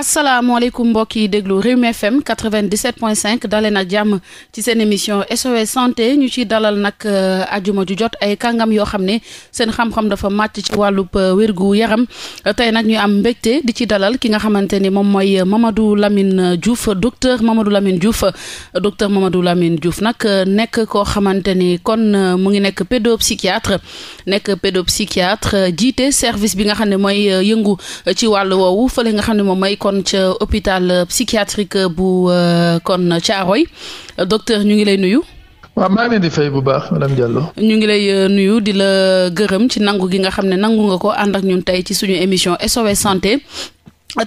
asalaamaaleykum mbokk yi déglu Rewmi FM 97.5 dalee na jàmm ci seen émission SOS santé ñu ci dalal nag ajuma euh, ju jot ay kàngam yoo xam ne seen xam-xam dafa màcc ci wàllu euh, wérgu yaram tey nag ñu am mbégte di ci dalal ki nga xamante ni moom mooy euh, Mamadou lamin Diouf docteur Mamadou lamin Diouf docteur Mamadou Lamine Diouf nag nekk koo xamante ni kon mu ngi nekk pédopsychiatre nekk pédopsychiatre jiite service bi nga xam ne mooy yëngu ci wàllu woowu fële nga xam ne moom mooy kon ca hôpital euh, psychiatrique euh, bu euh, kon Thiaroye docteur ñu ngi lay nuyu. waaw maa ngi di fay bu baax madame Diallo. ñu ngi lay nuyu di la gërëm ci nangu gi nga xam ne nangu nga ko ànd ak ñun tey ci suñu émission SOS santé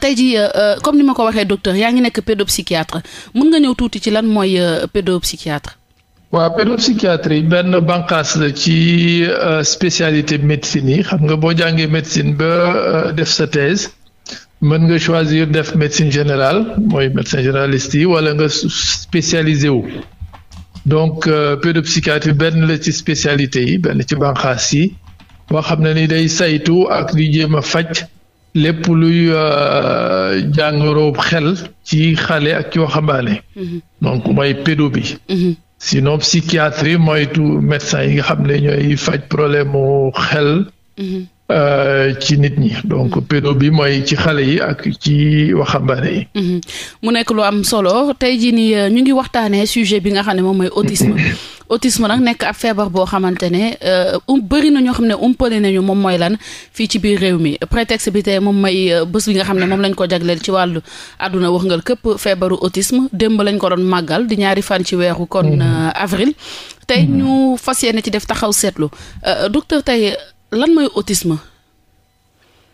tey ji comme ni ma ko waxee docteur yaa ngi nekk pédopsychiatre mun nga ñëw tuuti ci lan mooy pédopsychiatre. waaw pédopsychiatrie benn bànqaas la ci spécialité médecine yi xam nga boo jàngee médecine ba def sa thèse. mën nga choisir def médecine général mooy médecin généraliste yi wala nga spécialisé wu donc euh, pédopsychiatrie benn la ci spécialité yi benn ci banqaas yi boo xam ne ni day saytu ak di jéem a faj lépp luy euh, jàngoro xel ci xale ak ci waxambaane mm-hmm. donc mooy pédo bi mm-hmm. sinon psychiatrie moytu tout médecin yi nga xam ne ñooy faj problème mu xel mm-hmm. Euh, ci nit ñi donc mm-hmm. pédo bi mooy ci xale yi ak ci waxambaane yi. Mm-hmm. mu nekk lu am solo tey jii nii euh, ñu ngi waxtaanee sujet bi nga xam ne moom mooy autisme. Mm-hmm. autisme nag nekk ab feebar boo xamante ne euh, um bëri na ñoo xam ne umpale nañu moom mooy lan fii ci biir réew mi prétexte bi tey moom mooy bés bi nga xam ne moom lañ ko jagleel ci wàllu àdduna wërngal këpp feebaru autisme démb lañ ko doon màggal di ñaari fan ci weeru kon avril. tey ñu fas yéene ci def taxaw seetlu lan mooy autisme.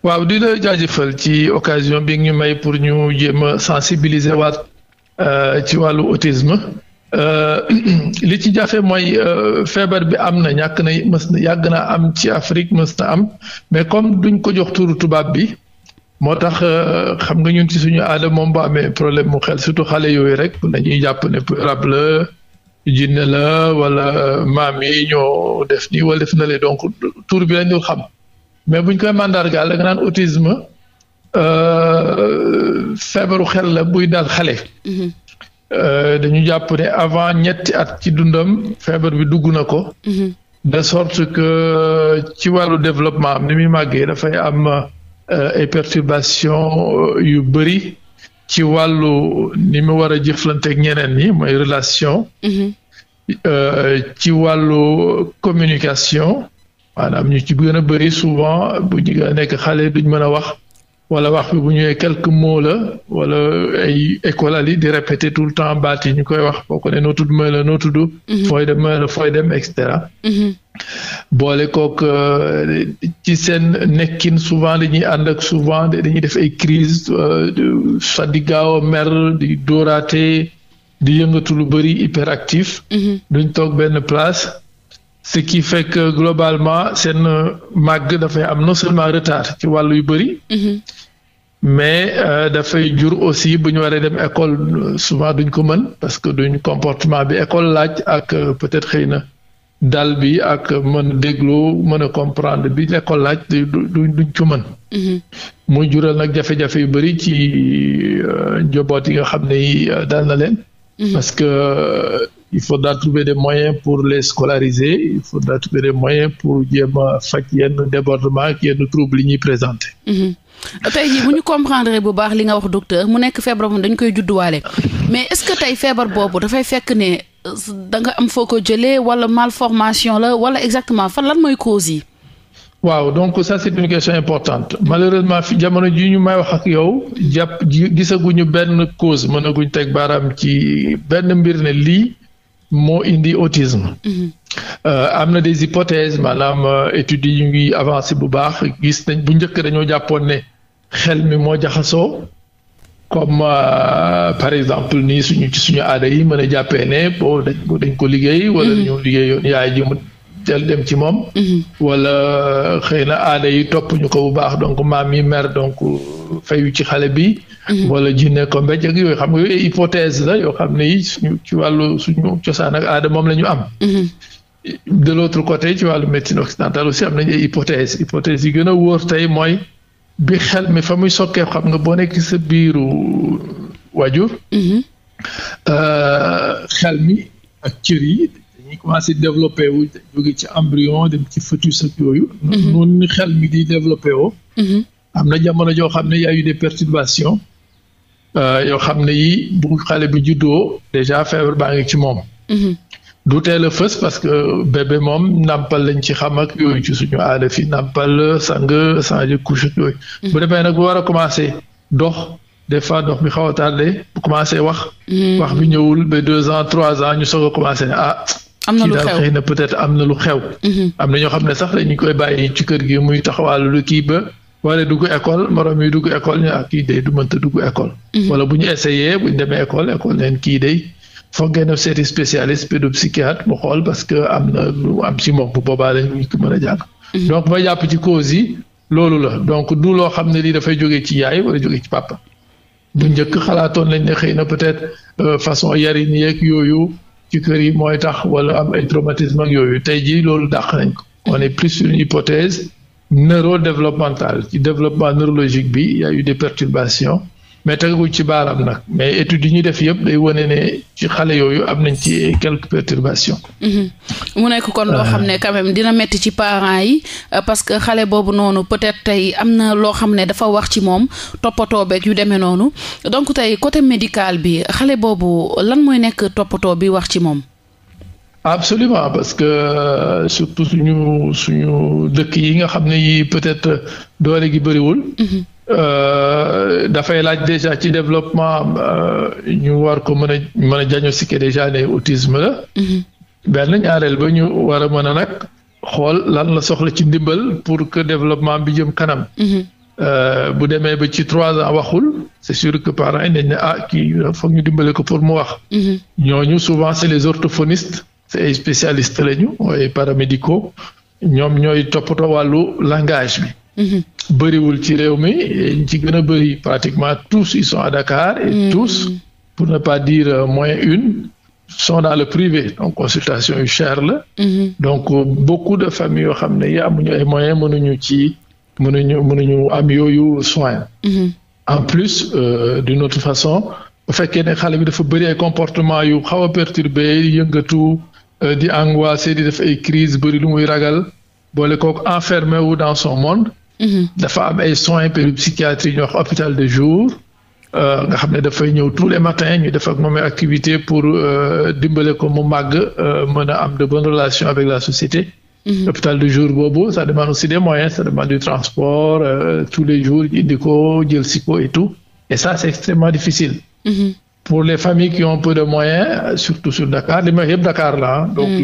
waaw di la jaajëfal ci occasion bi ñu may pour ñu jéem a sensibiliser waat euh, ci wàllu autisme euh, li ci jafe mooy euh, feebar bi am na ñàkk na mës na yàgg na am ci Afrique mës na am mais comme duñ ko jox turu tubaab bi moo tax xam nga ñun ci suñu aada moom bu amee problème mu xel surtout xale yooyu rek dañuy jàpp ne rab la jinne la wala maam yi ñoo def nii wala def na le donc tur bi lañu xam mais buñ koy mandargaal da nga naan autisme euh, feebaru xel la buy daal xale. Mhm. Euh, dañu jàpp ne avant ñetti at ci dundam feebar bi dugg na ko. Mhm. de sorte que ci wàllu développement am ni muy màggee dafay am euh, ay perturbations yu bëri ci wàllu ni mu war a jëflanteeg ñeneen ñi mooy relation. Mhm. Euh, ci wàllu communication maanaam ñu ci gën a bëri souvent bu ñu nekk xale duñ mën a wax wala wax bi bu ñëwee quelques mots la wala ay école yi di répéter tout le temps baat yi ñu koy wax boo ko ne noo tudd mooy la noo tudd mhm. dem mooy fooy dem et cetera mhm. boole kook euh, ci seen nekkin souvent dañuy ànd ak souvent dañuy def ay crise soit euh, di di dóoraate di yëngatu lu bëri hyperactif. Mhm. duñ toog benn place. ce qui fekk que globalement seen euh, màgg dafay am non seulement retard ci wàllu yu bëri. Mhm. mais euh, dafay jur aussi bu ñu waree dem école euh, souvent duñ ko mën parce que duñ comportement bi école laaj ak peut-être xëy na dal bi ak mën a dégloo mën a comprendre bi école laaj du duñ ko mën. Mhm. muy jural nag jafe-jafe yu bëri ci njaboot yi nga xam ne yi dal na leen. Mhm. Parce que euh, il faudra trouver des moyens pour les scolariser, il faudra trouver des moyens pour jéem a faj yenn débordement ak yenn trouble yi ñuy présenté. Mhm. tey mu ñu comprendre bu baax li nga wax docteur mu nekk feebar moom dañ koy judduwaale mais est-ce que tey feebar boobu dafay fekk ne euh, danga am foo ko jëlee wala malformation la wala exactement fan lan mooy cause yi. waaw donc ça c'est une question importante malheureusement fi jamono ji ñu may wax yow jàpp gisaguñu benn cause mënaguñ teg baaraam ci benn mbir ne lii moo indi autisme. Mhm. Euh, am na des hypothèses maanaam euh, études yi ñu ngi avancé bu baax gis nañ bu njëkk dañoo jàppoon ne xel mi moo jaxasoo comme euh, par exemple nii suñu ci suñu aada yi mën a jàppee ne boo dañ ko dañ ko liggéey. wala mhm. dañoo liggéey yoon yaay ji teel dem ci moom. Mhm. wala euh, xëy na aada yi topp ñu ko bu baax donc maam yi mer donc fayu ci xale bi. Mhm. wala jinne ko mbéj ak yooyu xam nga yooyu hypothèse la yoo xam ne yi suñu ci wàllu suñu cosaan ak aada moom la ñu am. Mhm. de l' autre côté ci wàllu médecine occidentale aussi am nañu ay hypothèse hypothèse yi gën a wóor tey mooy bi xel mi fa muy sokkee xam nga boo nekk sa biiru waajur. Euh, xel mi ak cër yi ñi commencé développé wu jóge ci embryon dem ci fœtus ak yooyu. Mhm. noonu xel mi di développé woo. Mhm. am na jamono joo xam ne y a eu des perturbations euh, yoo xam ne yi bu xale bi juddoo déjà feebar baa ngi ci moom. Mhm. du teel a fës parce que bébé moom nàmpal lañ ci xam ak yooyu ci suñu aada fi nàmpal sang changer couche ak yooyu. bu demee nag bu war a commencé dox des fois xaw a tardé bu commencé wax. wax bi ñëwul ba deux ans trois ans ñu soog a commencé ah, am na lu kii daal xëy na peut-être am na lu xew. Mhm. am na ñoo xam ne sax dañu koy bàyyi ci kër gi muy taxawaalu lu kii ba. wala dugg école morom yi dugg école ñu ak ah, kii day du mënta dugg école. Mhm. wala bu ñu essayé bu ñu demee école école leen kii day. foog ngeen def seeti spécialiste pédopsychiatre mu xool parce que am na lu am si moom bu boobaa lañ ñu ko mën a jàpp. Mhm. donc ma jàpp ci cause yi loolu la donc du loo xam ne lii dafay jógee ci yaay wala jógee ci papa. bu njëkk xalaatoon lañ ne xëy na peut-être euh, façon yarin yeeg yooyu ci kër yi mooy tax wala am ay traumatisme ak yooyu tey jii loolu dàq nañ ko on plus sur une hypothèse neurodéveloppementale ci développement neurologique bi y a eu des perturbations mais tegaguñ ci baaraam nag mais études yi ñu def yëpp day wane ne ci xale yooyu am nañ ci quelques perturbations. Mhm. mu nekk kon loo xam ne quand dina métti ci parent yi euh, parce que xale boobu noonu peut-être tey am na loo xam ne dafa wax ci moom toppatoo beeg yu demee noonu donc tey côté médical bi xale boobu lan mooy nekk toppatoo bi wax ci moom. absolument parce que euh, surtout suñu suñu dëkk yi nga xam ne yi peut-être doole gi bëriwul. Mhm. Euh, dafay laaj déjà ci développement euh, ñu war ko mën a mën a diagnostiquer déjà ne autisme la. Mhm. benn ñaareel ba ñu war a mën a nag xool lan la soxla ci ndimbal pour que développement bi jëm kanam. Mhm. Euh, bu demee ba ci trois ans waxul c'est sûr que parents yi dañ ah kii foog ñu dimbale ko pour mu wax. Mhm. ñooñu souvent c'est les orthophonistes c'est ay spécialistes lañu ay paramédicaux ñoom ñooy toppatoo wàllu langage bi. Mm-hmm. bëriwul ci réew mi ci gën a bëri pratiquement tous ils sont à Dakar. et mm. tous pour ne pas dire moins une. sont dans le privé donc consultation yu cher la. Mm-hmm. donc beaucoup de familles yoo xam ne yi amuñu ay moyens mënuñu ci mënuñu mënuñu am yooyu soin. Mm-hmm. en plus euh, d'une autre façon bu fekkee ne xale bi dafa bëri ay comportement yu xaw a perturbé yëngatu euh, di angoissé di def ay crise bëri lu muy ragal boole kooku enfermé wu dans son monde Mhm. dafa am ay soins pédopsychiatrie ñu wax hôpital de jour. Euh, nga xam ne dafay ñëw tous les matins ñu def ak moom activité pour euh, dimbale ko mu màgg euh, mën a am de bonnes relations avec la société. Mhm. hôpital de jour boobu ça demande aussi des moyens ça demande du transport tous les jours indi ko jël si ko et tout et ça c'est extrêmement difficile. Mhm. pour les familles qui ont peu de moyens surtout sur Dakar li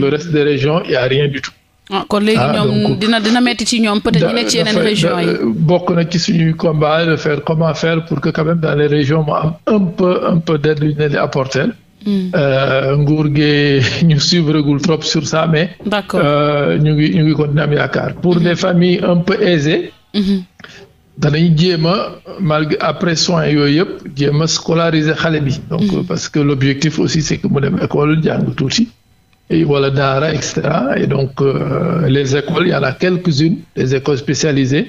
le reste des régions il y a rien du tout. ah kon léegi ah, ñoom dina dina metti ci ñoom peut-être ñu ci yeneen régions yi. bokk na ci suñuy combat de faire comment faire pour que quand même dans les régions mu am un peu un peu d'aide lu ñu leen di apporter. Hmm. Euh, nguur gi ñu suivre gul trop sur ça mais. d'accord euh, ñu ngi ñu ngi continuer am yaakaar. pour hmm. des familles un peu aisées. Hmm. danañ jéem a malgré après soins yooyu yëpp jéem a scolariser xale bi. donc parce que l'objectif aussi c'est que mu dem école jàng tuuti. et voilà Et donc, euh, les écoles, il y en a quelques-unes, des écoles spécialisées,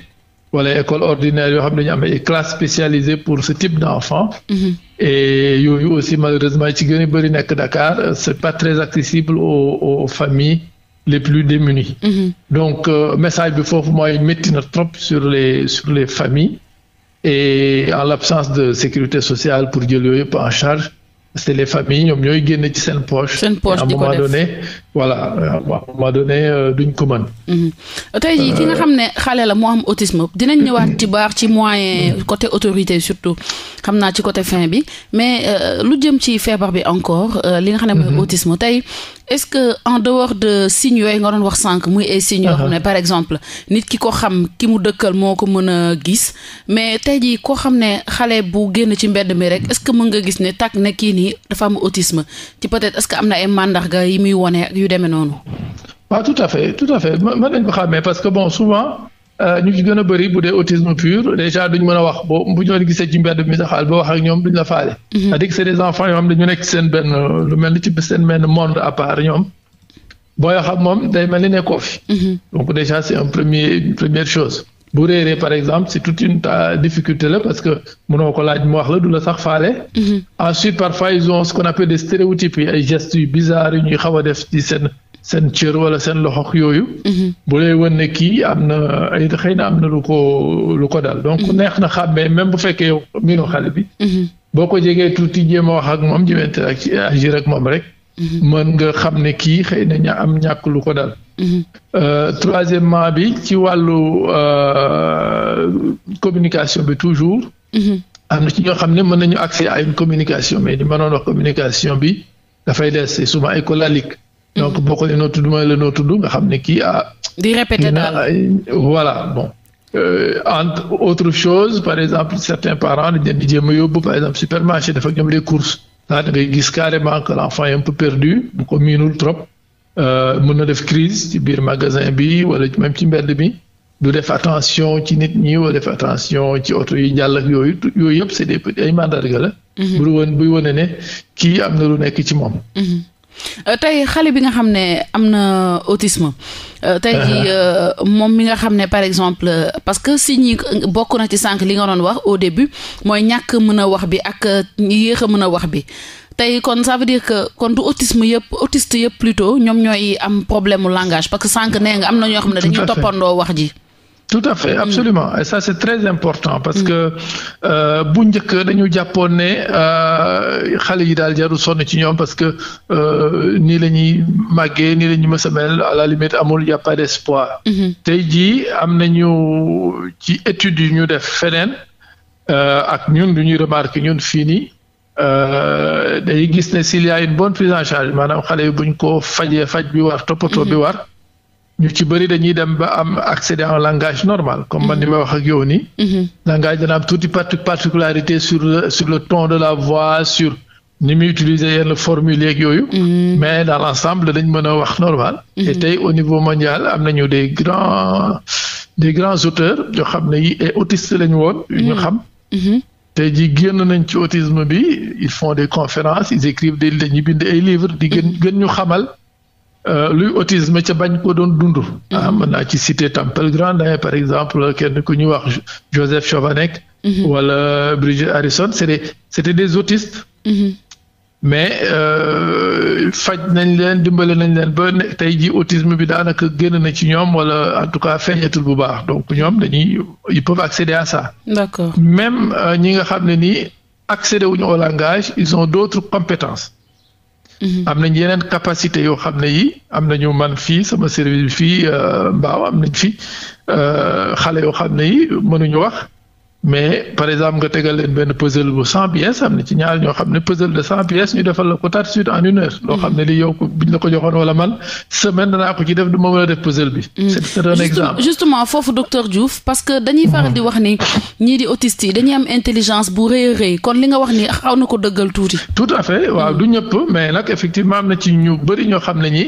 voilà écoles ordinaires, yoo xam ne ñu am ay classes spécialisées pour ce type d'enfants. Mm et yooyu aussi malheureusement ci gën a bëri nekk Dakar c'est pas très accessible aux aux familles les plus démunies. Mm donc euh, message bi foofu mooy métti na trop sur les sur les familles et en l'absence de sécurité sociale pour jël yooyu yëpp en charge. c'est les familles ñoom ñooy génn ci seen poche. seen poche di ko voilà à ma donné euh, duñ ko mën. Mhm. tey jii ki nga euh, xam ne xale la moo am autisme dinañ ñëwaat ci baax ci moyen mhm. coté autorité surtout xam naa ci côté fin bi mais euh, lu jëm ci feebar bi encore li nga xam ne mooy mhm. autisme tey est-ce que en dehors de yooyu nga doon wax sànq muy ay signes xam ne uh-huh. par exemple nit ki ko xam ki mu dëkkal moo ko mën gis mais tey jii koo xam ne xale bu génn ci mbedd mi rek est-ce que mën nga gis ne tàkk ne kii nii dafa am autisme ci peut-être am na ay màndarga yi muy wone yu noonu. waaw tout à fait tout à fait mën nañ ko xàmmee parce que souvent euh, ñu ci gën a bëri bu dee autisme pur déjà duñ mën a wax boo bu ñu leen gisee ci mbedd mi saxaal ba wax ak ñoom duñ la faale. Mhm. cest à c'est des enfants yoo dañu nekk seen benn lu mel ni ci seen benn monde à part ñoom. booy xam moom day mel ni nekkoo fi. Mhm. donc déjà c'est un premier une chose. bu réeree par exemple c'est toute une euh, difficulté la parce que mënoo ko laaj mu wax la du la sax faale. Mhm. ensuite parfois ils ont ce qu'on appelle des stéréotypes yi ay gestes yu yu ñuy xaw a def ci seen seen cër wala seen loxo yooyu. Mhm. bu lay wan kii am na ay xëy na am na lu ko lu ko dal. donc mhm. neex na xàmmee même bu fekkee yow miinu xale bi. boo ko jegee tuuti jéem a wax ak moom jéem a agir ak moom rek. mën nga xam ne kii xëy am ñàkk lu ko dal. Euh, troisièmement bi ci wàllu euh, communication bi toujours. am na ci ñoo xam ne mën nañu accès à une communication mais li ma doon wax communication bi dafay des c'est souvent écolalique. donc mhm. boo ko noo tudd mooy la noo tudd nga xam ne kii ah. di répéter daal voilà bon. Euh, entre autre chose par exemple certains parents di jéem a yóbbu par exemple supermarché dafa ñoom les courses. daa da nga gis carrément que l'enfant est un peu perdu bu ko miinul trop. Euh, mën na def crise ci biir magasin bi wala même ci mbedd bi du def attention ci nit ñi wala def attention ci oto yi jàll ak yooyu yooyu yëpp c'est des ay mandarga la. Mhm. buy wane ne kii am na lu nekk ci moom. Mhm. Euh, tey xale bi nga xam ne am na autisme euh, tey ji moom mi nga xam ne par exemple parce que si ñi bokk na ci sànq li nga doon wax au bi mooy ñàkk mën a wax bi ak yéex a mën a wax bi tey kon ça veut que kon du autisme yëpp autiste yëpp plutôt ñoom ñooy am problème mu langage parce que sànq nee am na ñoo xam ne dañuy toppandoo wax ji. tout à fait mm. absolument et ça c'est très important parce mm. que euh, bu njëkk dañu jàppoon ne euh, xale yi daal jarul sonn ci ñoom parce que euh, nii la ñuy màggee nii la ñuy mës a mel à la amul y a pas mm-hmm. tey jii am nañu ci études yu ñu def feneen ak ñun du ñuy remarquer ñun fii nii Euh, day gis ne s'il y a une bonne prise en charge maanaam xale yi buñ ko fajee faj bi war toppatoo bi mhm. war ñu ci bëri dañuy dem ba am accéder en langage normal comme man ni mhm. ma wax ak yow nii mhm. langage dana touti tuuti particularité sur le sur le ton de la voix sur ni muy utiliser yenn formule yeeg yooyu mais dans l'ensemble dañ mën a wax normal tey au niveau mondial am nañu des grands des grands auteurs yoo xam ne yi ay autistes lañu woon yu ñu xam tey jii génn nañ ci autisme bi ils font des conférences ils écrivent des dañuy bind ay livres di gën mm-hmm. gën ñu xamal euh, luy autisme ca bañ ko doon dund. Mm-hmm. ah mën naa ci cité Temple Grandin par exemple kenn ku ñuy wax Joseph Chovanec. Mm-hmm. wala Bridget Harrison c' est des c' des autistes. mais euh, faj nañ leen dimbale nañ leen ba tey ji autisme bi daanaka génn na ci ñoom wala en tout cas feeñatul bu baax donc ñoom dañuy ils peuvent accéder à ça. même euh, ñi nga xam ne nii accéder wuñu au langage ils ont d'autres compétences. Mhm. am nañ yeneen capacité yoo xam ne yi am nañu man fii sama service bi fii euh, mbaaw am nañ fi xale yoo xam ne yi mënuñu wax. mais par exemple nga tegal leen benn puzzle bu cent pièces am na ci ñaar ñoo xam ne puzzle de cent pièces ñu defal la ko tout de suite en une heure. loo xam ne mm. li yow ko biñ la man semaine danaa ko ci def du ma a def puzzle bi. Mm. c'est un exemple justement foofu docteur Diouf parce que dañuy faral di wax ni ñii di autistes dañuy am intelligence bu rëy a rëy kon li nga wax ni aw na ko dëggal tuuti. tout à fait waaw du ñëpp mais nag effectivement am na ci ñu bëri ñoo xam ne ñi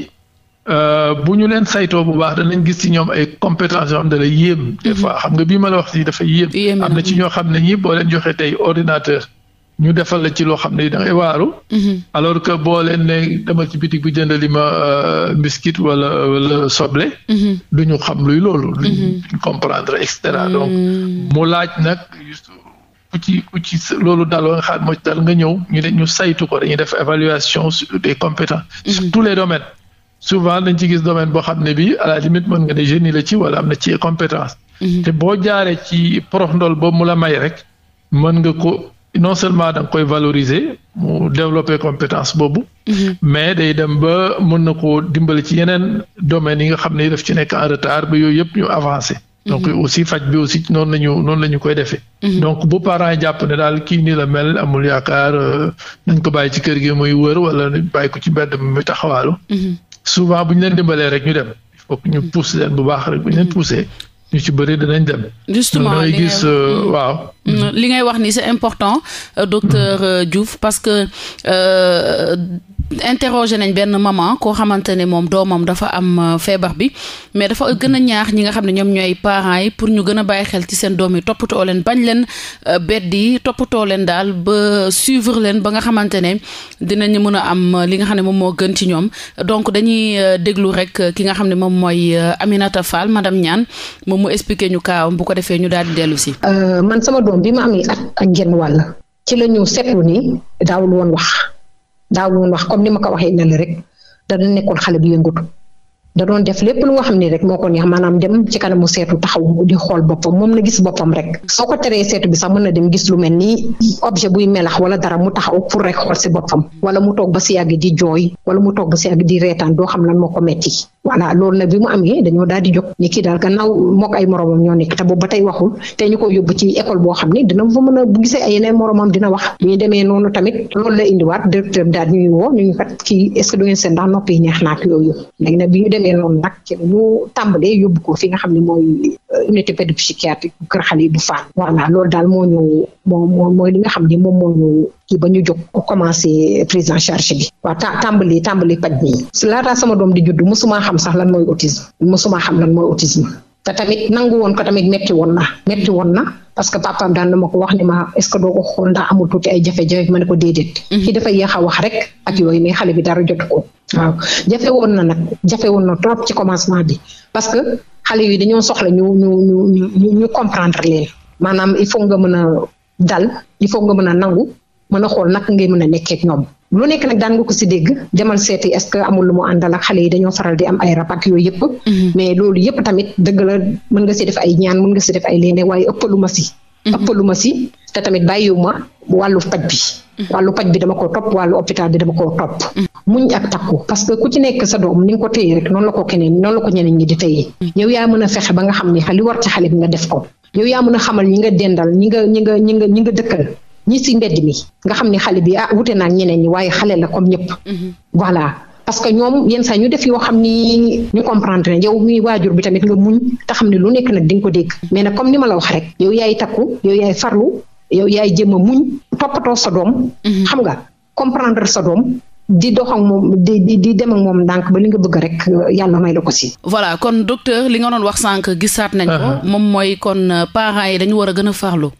Euh, bu ñu leen saytoo bu baax danañ gis ci ñoom ay compétence yoo xam ne fois mhm. xam nga bii ma la wax si dafa yéem. am na ci ñoo xam ne ñi boo joxee tey ordinateur. ñu defal la ci loo xam ne da ngay waaru. Mhm. alors que boo leen ne demal ci bitig bi jëndali ma euh, biscuit wala wala soble. Mhm. du ñu xam luy loolu. duñ comprendre et cetera donc mu laaj nag ci ku ci loolu daloo nga xam moo dal nga ñëw ñu ñu saytu ko dañuy def évaluation des compétences. sur tous les domaines. souvent dañ ci gis domaine boo xam ne bi à la limite mën nga ne génie la ci wala am na ci compétence. Mhm. te boo jaaree ci prof ndol boobu mu la may rek mën nga ko non seulement danga koy valoriser mu développer compétence boobu. Mhm. mais day dem ba mën na koo dimbali ci yeneen domaines yi nga xam ne daf ci nekk en retard ba yooyu yëpp ñu avancé. Mhm. donc aussi faj bi aussi noonu la ñu noonu la ñu koy defee. donc bu parent jàpp ne daal kii nii la mel amul yaakaar euh, nañ ko bàyyi ci kër gi muy wër wala bàyyi ko ci mbedd mi muy taxawaalu. souvent bu ñu leen dimbalee rek ñu dem il faut ñu pousse leen bu baax rek bu ñu leen poussé ñu ci bëri dinañ dem. justement li ngay gis euh, mm. waaw. Mm. li ngay wax ni c'est important euh, docteur euh, Diouf parce que. Euh, interrogé nañ benn maman koo xamante ne moom doomam dafa am euh, feebar bi mais dafa gën a ñaax ñi nga xam ne ñoom ñooy parents yi pour ñu gën a bàyyi xel ci seen doom yi toppatoo leen bañ leen euh, beddi toppatoo leen daal ba suivre leen ba nga xamante ne ñu mën a am euh, li nga xam ne moom moo gën ci ñoom donc dañuy déglu rek ki nga xam ne moom mooy Aminata Fall madame ñaan moom mu expliqué ñu kaawam bu ko defee ñu daal di dellu si. man sama doom bi ma am at ak genn wàll ci la ñu seetlu ni daawul woon wax. daawul woon wax comme ni ma ko waxee ne la rek dana nekkul xale bu yëngatu da doon def lépp lu xam ne rek moo ko neex maanaam dem ci kanamu seetu taxaw di xool boppam moom na gis boppam rek soo ko teree seetu bi sax mën na dem gis lu mel ni objet buy melax wala dara mu taxaw pour rek xool si boppam wala mu toog ba si yàgg di jooy wala mu toog ba si yàgg di reetaan doo xam lan moo ko metti voilà loolu na bi mu amee dañoo daal di jóg ni kii daal gannaaw mook ay moromam ñoo nekk te boobu ba tey waxul te ñu ko yóbbu ci école boo xam ne dina fa mën a bu gisee ay yeneen moromam dina wax bu ñu tamit loolu la indiwaat directeur daal ñuy ñu kat kii est ce que du ngeen seen ndax yooyu jëlee noonu nag ci ñu yóbbu ko fi nga xam ne mooy euh, unité pédopsychiatrique bu bu Fann voilà loolu daal moo ñu moo moo mooy li nga xam ne moom moo ñu kii ba ñu jóg commencé prise en charge bi waaw ta tàmbali tàmbali paj bi laataa sama doom di judd mosumaa xam sax lan mooy autisme mosumaa xam lan mooy autisme te tamit nangu woon ko tamit metti woon na metti woon na parce que papaam daan na ma ko wax ni ma es ce que doo ko xool ndax amul tuuti ay jafe-jafe ma ne ko déedéet. Mm-hmm. ki dafa yéex a wax rek a yooyu mais xale bi dara jot ko. waaw jafe woon na nag jafe woon na trop ci commencement bi parce que xale yi dañoo soxla ñu ñu ñu ñu comprendre leen maanaam il faut nga mën a dal il faut nga mën a nangu mën a xool naka ngay mën a nekkee ñoom. lu nekk nag daan nga ko si dégg demal seeti est-ce que amul lu mu àndal ak xale yi dañoo faral di am ay rab yooyu yëpp. Mhm. mais loolu yëpp tamit dëgg la mën nga si def ay ñaan mën nga si def ay leneen waaye ma si. Mm-hmm. ëppaluma si te tamit bàyyiwuma wàllu paj bi mm-hmm. wàllu paj bi dama ko topp wàllu hôpital bi dama koo topp mm-hmm. muñ ak takku parce que ku ci nekk sa doom ni nga ko téye rek noonu la ko keneen noonu la ko ñeneen ñi di téye yow yaa mën a fexe ba nga xam ne li war ci xale bi nga def ko yow yaa mën a xamal ñi nga dendal ñi nga ñi nga ñi nga ñi nga dëkkal ñi si mbedd mi nga xam ni xale bi ah wute naa ñeneen ñi waaye xale la comme ñëpp voilà parce que ñoom yenn saa ñu def yoo xam ni ñu comprendre ne yow waajur bi tamit nga muñ te xam ne lu nekk nag di nga ko dégg mais nag comme ni ma la wax rek yow yaay takku yow yaay farlu yow yaay jéem a muñ toppatoo sa doom mhm. xam nga comprendre sa doom di doxam ak moom di di dem ak moom ndànk ba li nga bëgg rek yàlla may la ko si. voilà kon docteur li nga doon wax sànq gisaat nañ moom mooy kon euh, parents yi dañu war a gën a farlu.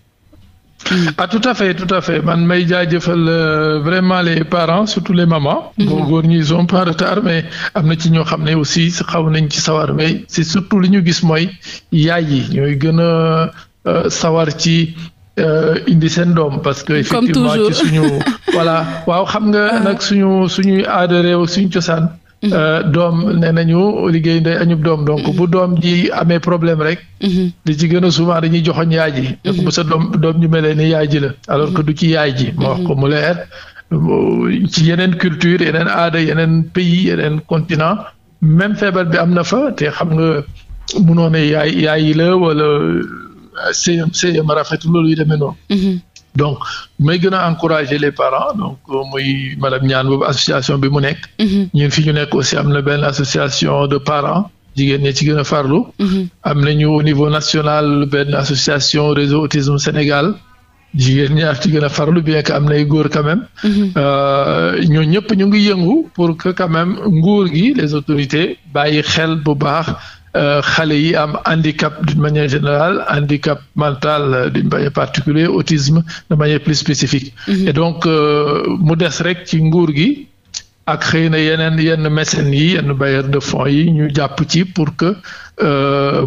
ah tout à fait tout à fait man may jëfal euh, vraiment les parents surtout les mamans. Mhm. boo góor ñi sont pas en am na ci ñoo xam ne aussi xaw nañ ci sawar mais si surtout li ñu gis mooy yaay yi ñooy gën a euh, sawar ci. Euh, indi seen doom parce que effectivement ci suñu voilà waaw xam nga ah. nag suñu suñuy aada réew suñu cosaan Euh, doom nee nañu liggéey ndey añub doom donc bu doom ji amee problème rek. di ci gën a souvent dañuy joxoñ yaay ji. donc mhm. bu sa doom doom ñu melee ni yaay ji la alors que du ci yaay ji. ma wax ko mu leer ci yeneen culture yeneen aada yeneen pays yeneen continent même feebar bi am na fa te xam nga mënoo ne yaay yaay la wala séyam séyam rafetu loolu yi demee noonu. Mhm. donc may gën a encourager les parents donc euh, muy madame ñaan boobu association bi mu nekk. Mhm. ñun fi ñu nekk aussi am na benn association de parents. jigéen ñi ci gën a farlu. Mhm. am nañu au niveau national benn association réseau autisme Sénégal jigéen ñi ci gën a farlu bien que am nay góor quand même. Mhm. Euh, ñoo ñëpp ñu ngi yëngu pour que quand même nguur gi les autorités bàyyi xel bu baax. Euh, xale yi am handicap d'une manière générale handicap mental euh, d'une manière particulière autisme de manière plus spécifique mhm. et donc euh, mu des rek ci nguur gi ak xëy na yeneen yenn mécènes yi yenn bailleurs de fonds yi ñu jàpp ci pour que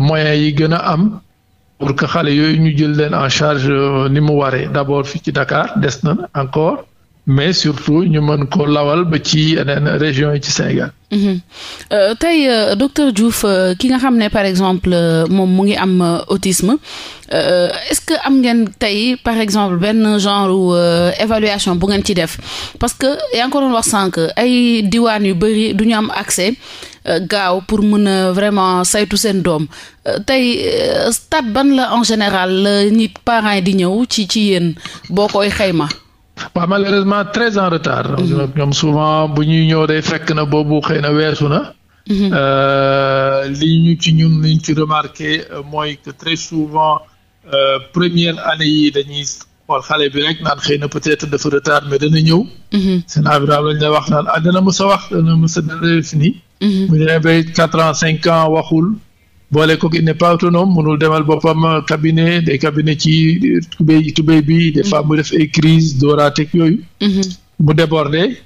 moyens yi gën a am pour que xale yooyu ñu jël leen en charge ni mu waree d'abord fii ci Dakar des na encore mais surtout ñu mën ko lawal ba ci yeneen région yi ci Sénégal. Mhm. Euh, tey euh, docteur Diouf euh, ki nga xam ne par exemple moom mu ngi am autisme est-ce que am ngeen tey par exemple benn genre u évaluation bu ngeen ci def parce que yaa ngi ko doon wax sànq ay diwaan yu bëri du ñu am accès gaaw pour mën a vraiment saytu seen doom tey stade ban la en général nit parents yi di ñëw ci ci yéen boo koy xayma. waaw malheureusement très en retard. Mhm. ñoom souvent bu ñuy ñëw day fekk na boobu xëy na weesu na. Mhm. Euh, li ñu ci ñun li ñu ci remarqué euh, mooy que très souvent euh, première année yi dañuy xool xale bi rek naan xëy na peut-être dafa retard mais dana ñëw. Mhm. seen environnement wax naan ah dana mës a wax dana mës a dana def nii. bu ñu demee ba quatre ans cinq ans waxul. boole ko il n'est pas mënul demal boppam cabinet des cabinets ci tubéy tubéy bi des mm-hmm. fois mu def ay crise dooraateg yooyu mm-hmm. mu débordé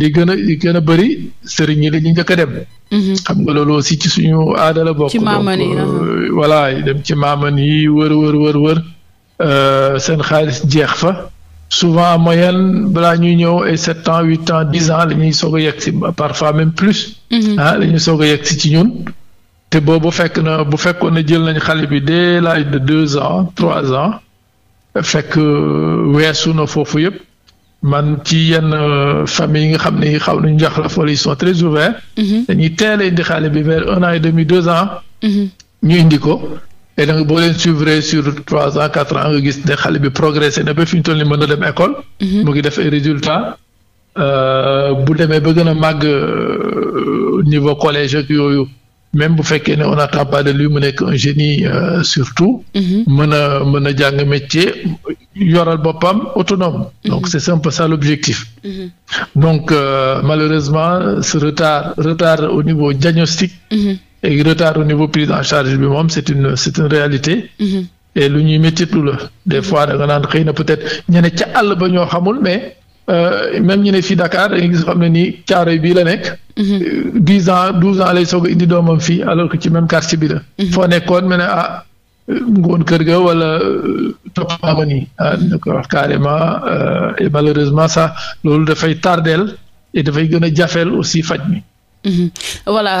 di gën a di gën a bëri sëriñ yi la ñu njëkk a dem mm-hmm. xam nga loolu aussi ci suñu aadala la bokk donc euh, uh-huh. voilà dem ci maaman yi wër wër wër wër euh, seen xaalis jeex fa souvent en balaa ñuy ñëw ay sept ans huit ans dix ans la ñuy soog a si parfois même plus ah la ñuy soog a yegg ci ñun te boobu fekk na bu fekkoon ne jël nañ xale bi dès l'âge de deux ans trois ans fekk euh, weesu na foofu yëpp man ci yenn euh, famille yi nga xam ne xaw nañu jaxlaf wala ils sont très ouverts mm-hmm. dañuy teel a indi xale bi vers un an et demi deux ans mm-hmm. ñu indi ko et donc boo leen suivre sur trois ans quatre ans nga gis ne xale bi progressé na ba fi ñu toll ni mën na dem école mm-hmm. mu ngi def ay résultats euh, bu demee ba gën a màgg niveau collège ak yooyu même bu fekkee ne on a pas de mu nekk un génie euh, surtout. Mhm. mën a mën a jàng métier yoral boppam autonome. Mhm. donc c'est un peu ça l'objectif. Mhm. donc euh, malheureusement ce retard retard au niveau diagnostic. et retard au niveau prise en charge bi moom c'est une c'est réalité. et lu ñuy méttitlu la des fois da naan xëy na peut-être ñene ca àll ba ñoo xamul mais. Euh, même ñu ne fii Dakar dañuy gis xam ne nii caaroy bii la nekk. Mhm. Euh, dix ans douze ans lay soog indi doomam fii alors que ci même quartier bi la. Mhm. foo nekkoon mu ne ah euh, ngoon kër ga wala topp ma nii ah dina ko wax carrément et malheureusement sax loolu dafay tardeel et dafay gën a jafeel aussi faj mi. Mhm. voilà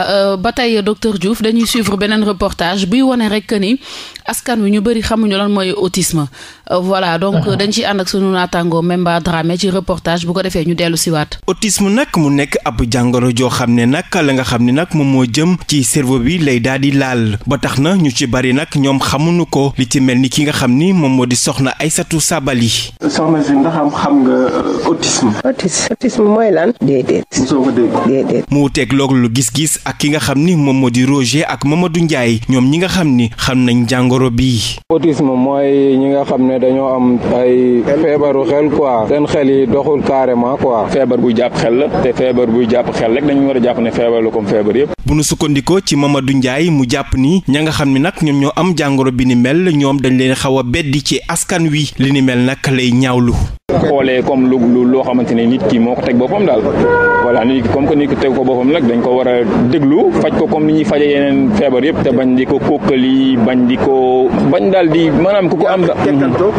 ba tey docteur Diouf dañuy suivre beneen reportage buy wane rek ni askan wi ñu bëri xamuñu lan mooy autisme euh, voilà donc dañ ciy ànd ak sunu naataango Memba Dramé ci reportage bu ko defee ñu dellu siwaat autisme nag mu nekk ab jàngoro joo xam ne nag la nga xam ne nag moom moo jëm ci cerveau bi lay daal di laal ba tax na ñu ci bari nag ñoom xamuñu ko li ci mel ni ki nga xam ni moom moo di soxna Aysatu Sabali soxna si ndax xam nga euh, autisme autisme mooy lan mu wuteeg loolu gis-gis ak ki nga xam ni moom moo di Roger ak Mamadou Ndiaye ñoom ñi nga xam ni xam nañ jàngoro jàngoro bi. autisme mooy ñi nga xam ne dañoo am ay feebaru xel quoi seen xel yi doxul carrément quoi. feebar bu jàpp xel la te feebar bu jàpp xel rek dañu war a jàpp ne feebar la comme feebar yëpp. bu nu sukkandikoo ci Mamadou Ndiaye mu jàpp ni ña nga xam ni nag ñoom ñoo am jàngoro bi ni mel ñoom dañ leen xaw a beddi ci askan wi li ni mel nag lay ñaawlu. xoolee comme lu loo xamante ne nit ki moo ko teg boppam daal voilà nit ki comme teg ko boppam nag dañ ko war a déglu ko comme ni ñuy faje yeneen yëpp te bañ di ko kókkali bañ di ko bañ daal di maanaam ku ko am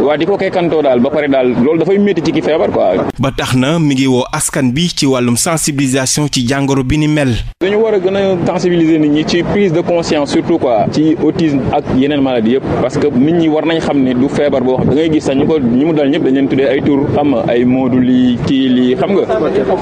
waa di ko kekkantoo daal ba pare daal loolu dafay métti ci ki feebar quoi ba tax na mi ngi woo askan bi ci wàllum sensibilisation ci jàngoro bi ni mel dañu war a gën a sensibiliser nit ñi ci prise de conscience surtout quoi ci autisme ak yeneen maladie yëpp parce que nit ñi war nañ xam ne du feebar boo xam da ngay gis sax ñu ko ñu mu dal ñëpp dañ leen tuddee ay tur xam ay moodu lii kii lii xam nga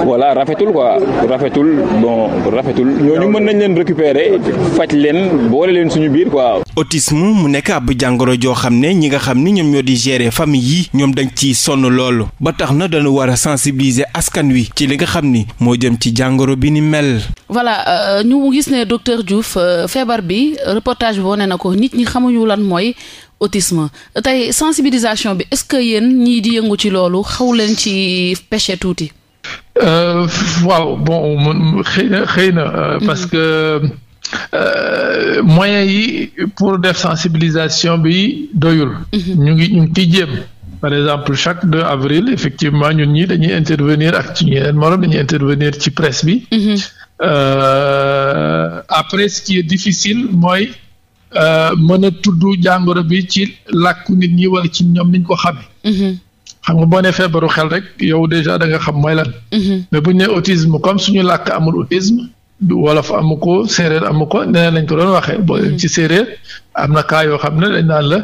voilà rafetul quoi rafetul bon rafetul ñooñu mën nañ leen récupérer faj leen boole leen suñu biir quoi autisme mu nekk ab jàngoro joo xam ne ñi nga xam ni ñoom ñoo di gérer famille yi ñoom dañ ciy sonn loolu ba tax na dañu war a sensibiliser askan wi ci li nga xam ni moo jëm ci jàngoro bi ni mel. voilà euh, ñu gis ne docteur Diouf euh, feebar bi reportage bi wane na ko nit ñi xamuñu lan mooy. autisme tey sensibilisation bi est-ce que yéen ñii di yëngu ci loolu xaw leen ci péché tuuti. Euh, waaw bon xëy na xëy na mm-hmm. parce que. Euh, moyens yi pour def sensibilisation bi doyul. Mhm. ñu ngi ñu ngi jéem. par exemple chaque 2 avril effectivement ñu ñi dañuy intervenir ak ci yeneen dañuy intervenir ci presse bi. Mhm. Euh, après ci qui est difficile mooy euh, mën a tudd jàngoro bi ci làkku nit ñi wala ci ñoom niñ ko xamee. Mhm. xam nga boo nee feebaru xel rek yow déjà da nga xam mooy lan. mais buñ ne autisme comme suñu làkk amul autisme. wolof amu ko séeréer amu ko neneen lañ ko doon waxee bo hmm. ci séeréer am na cas yoo xam ne dañ naan la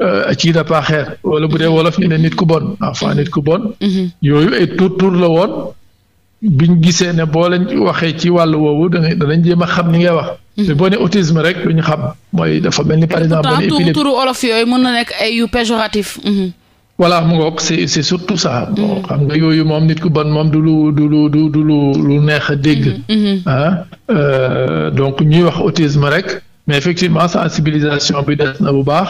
a euh, ci da paaxeer wala bu dee wolof ñu ne nit ku bon enfant nit ku bon hmm. yooyu ay tur tur la woon biñ gisee ne boo leen waxee ci wàll woowu danañ danañ jéem a xam li ngay wax hmm. mais boo ne autisme rek duñu xam mooy dafa mel ni par exemple. turu olof yooyu mën na nekk ay yu voilà mu ngoog c'est surtout ça. Mm-hmm. bon xam nga yooyu moom nit ku bon moom du lu du lu du lu lu neex a dégg. Mm-hmm. Mm-hmm. ah euh, donc ñuy wax autisme rek mais effectivement sensibilisation bi des na bu baax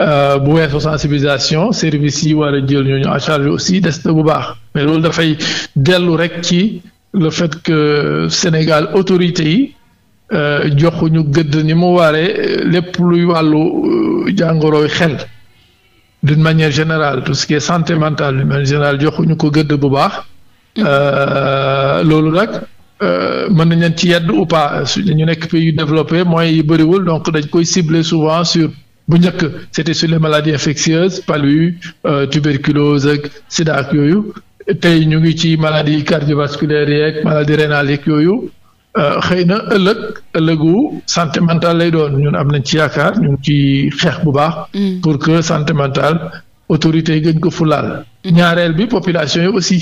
euh, bu weesoo sensibilisation service yi war a jël ñooñu en charge aussi des na bu baax mais loolu dafay dellu rek ci le fait que Sénégal autorité yi. Euh, joxuñu gëdd ni mu waree lépp luy wàllu jàngoroy xel d'une manière générale tout ce qui est santé d'une manière générale joxuñu ko gëdd bu baax euh, loolu nag euh, mën nañ leen ci yedd ou su ñu nekk pays yu développé moyens yi bëriwul donc dañ koy cibler souvent sur bu njëkk c'était sur les maladies infectieuses palu euh, tuberculose ak sida ak yooyu tey ñu ngi ci maladies cardiovasculaires yeeg maladies rénales yeeg yooyu Euh, xëy na ëllëg ëllëgu santé mentale lay doon ñun am nañ ci yaakaar ñun ci xeex bu baax. Mm. pour que santé mentale autorité yi gën ko fulaal. Mm. ñaareel bi population yi aussi.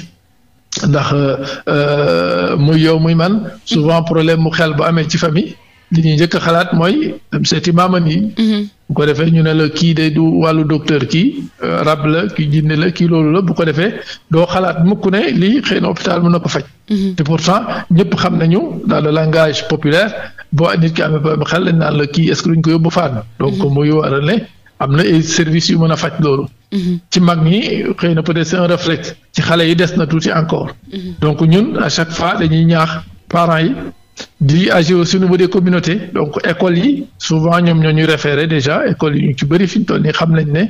ndax euh, euh, muy yow muy man mm. souvent problème mu xel bu amee ci famille li ñuy njëkk xalaat mooy dem seeti maaman yi mhm. bu ko defee ñu ne la kii de du wàllu docteur kii euh, rab la kii jinne la kii loolu la bu ko defee doo xalaat mukk ne lii xëy na hôpital mën na ko faj mhm. te pourtant ñëpp xam nañu dans le langage populaire boo nit ki amee ba xel dañ naan la kii est-ce que duñ ko yóbbu faan donc muy mhm. waral ne am na ay services yu mën a faj loolu ci mag ñi xëy na peut-être c'est un réflexe ci xale yi des na tuuti encore donc ñun à chaque fois dañuy ñaax parents yi di agir aussi au niveau des communautés donc école yi souvent ñoom ñoo ñuy référé déjà école yi ñu ci bëri fi ñu nii xam nañ ne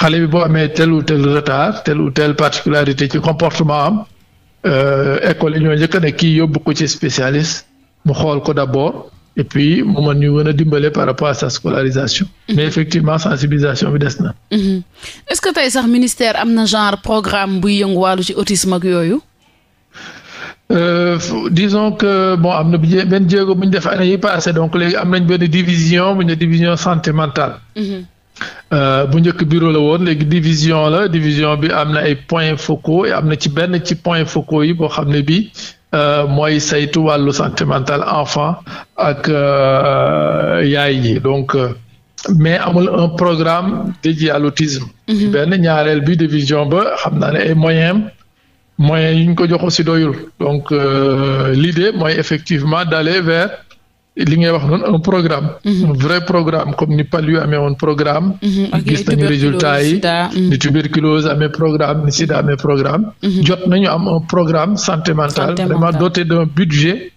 xale bi boo amee tel ou tel retard tel ou telle particularité ci comportement am euh, école yi ñoo njëkk ne kii yóbbu ko ci spécialiste mu xool ko d'abord et puis moom mën ñu gën a dimbale par rapport à sa scolarisation. Mm-hmm. mais effectivement sensibilisation bi des na. Mm-hmm. est-ce que tey sax ministère am na genre programme buy yëngu wàllu ci autisme ak yooyu. Euh, disons que bon am na benn jéego bu ñu def année yi passé donc léegi am nañ benn division bu ñu division santé mm-hmm. euh, bu njëkk bureau la woon léegi division la division bi am na ay points focaux am na ci benn ci point focaux yi boo xam ne bii euh, mooy saytu wàllu santimental mentale enfant ak yaay yi donc mais amul un programme dédié à l'autisme. Mm-hmm. benn ñaareel bi division ba xam naa ne ay moyens moyens yi ñu ko jox aussi doyul donc euh, l'idée mooy effectivement d'aller vers li ngay wax noonu un programme mm un vrai programme comme ni palu amee woon programme mhm. gis nañu résultat yi mhm. ni tuberculose amee programme ni sida amee programme mhm. jot nañu am un programme santé mentale vraiment doté d'un budget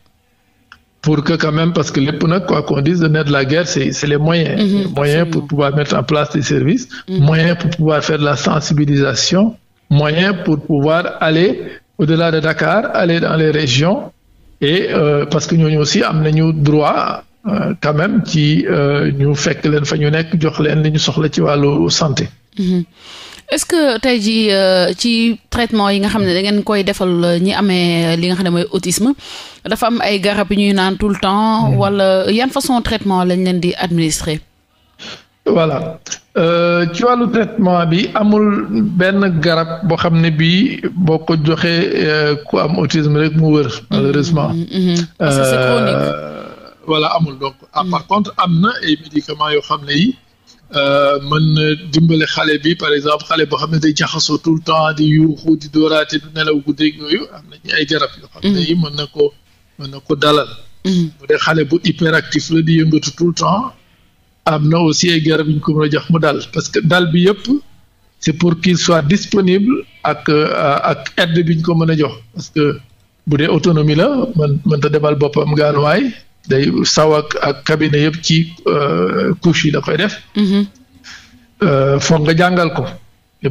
pour que quand même parce que lépp nag quoi qu'on dise le nerf la guerre c'est c'est les moyens mm -hmm. moyens pour pouvoir mettre en place des services moyen -hmm. pour pouvoir faire la sensibilisation moyens pour pouvoir aller au-delà de Dakar aller dans les régions et euh, parce que ñooñu aussi am nañu droit euh, quand même ci euh, ñu fekk leen fa ñu nekk jox leen lañu soxla ci wàllu santé. Mhm. est-ce que tey jii euh, ci traitement yi nga xam ne da ngeen koy defal ñi amee li nga xam ne mooy autisme dafa am ay garab yu ñuy naan tout le temps. Mhm. wala yan façon traitement lañ leen di administrer. voilà euh, ci wàllu traitement bi amul benn garab boo xam ne bii boo ko joxee euh, ku am autisme rek mu wër malheureusement. Mm-hmm, mm-hmm. parce que c'est euh, chronique. voilà amul donc. Ah, mm. par contre am na ay médicaments yoo xam ne yi mën na dimbale xale bi par exemple xale boo xam ne day jaxasoo tout le temps di yuuxu di dooraate du nelaw guddeeg yooyu am nañu ay garab yoo xam ne mm-hmm. yi mën na ko mën na ko dalal. bu dee xale bu hyperactif la di yëngatu tout le temps. am na aussi ay garab yu ñu ko mën a jox mu dal parce que dal bi yëpp c'est pour qu'il soit disponible ak euh, ak aide bi ñu ko mën a jox parce que bu dee autonomie la man mënta demal boppam gaanuwaay day saw ak ak cabinet yëpp ci euh, couche yi da koy def. Mm-hmm. Euh, foog nga jàngal ko et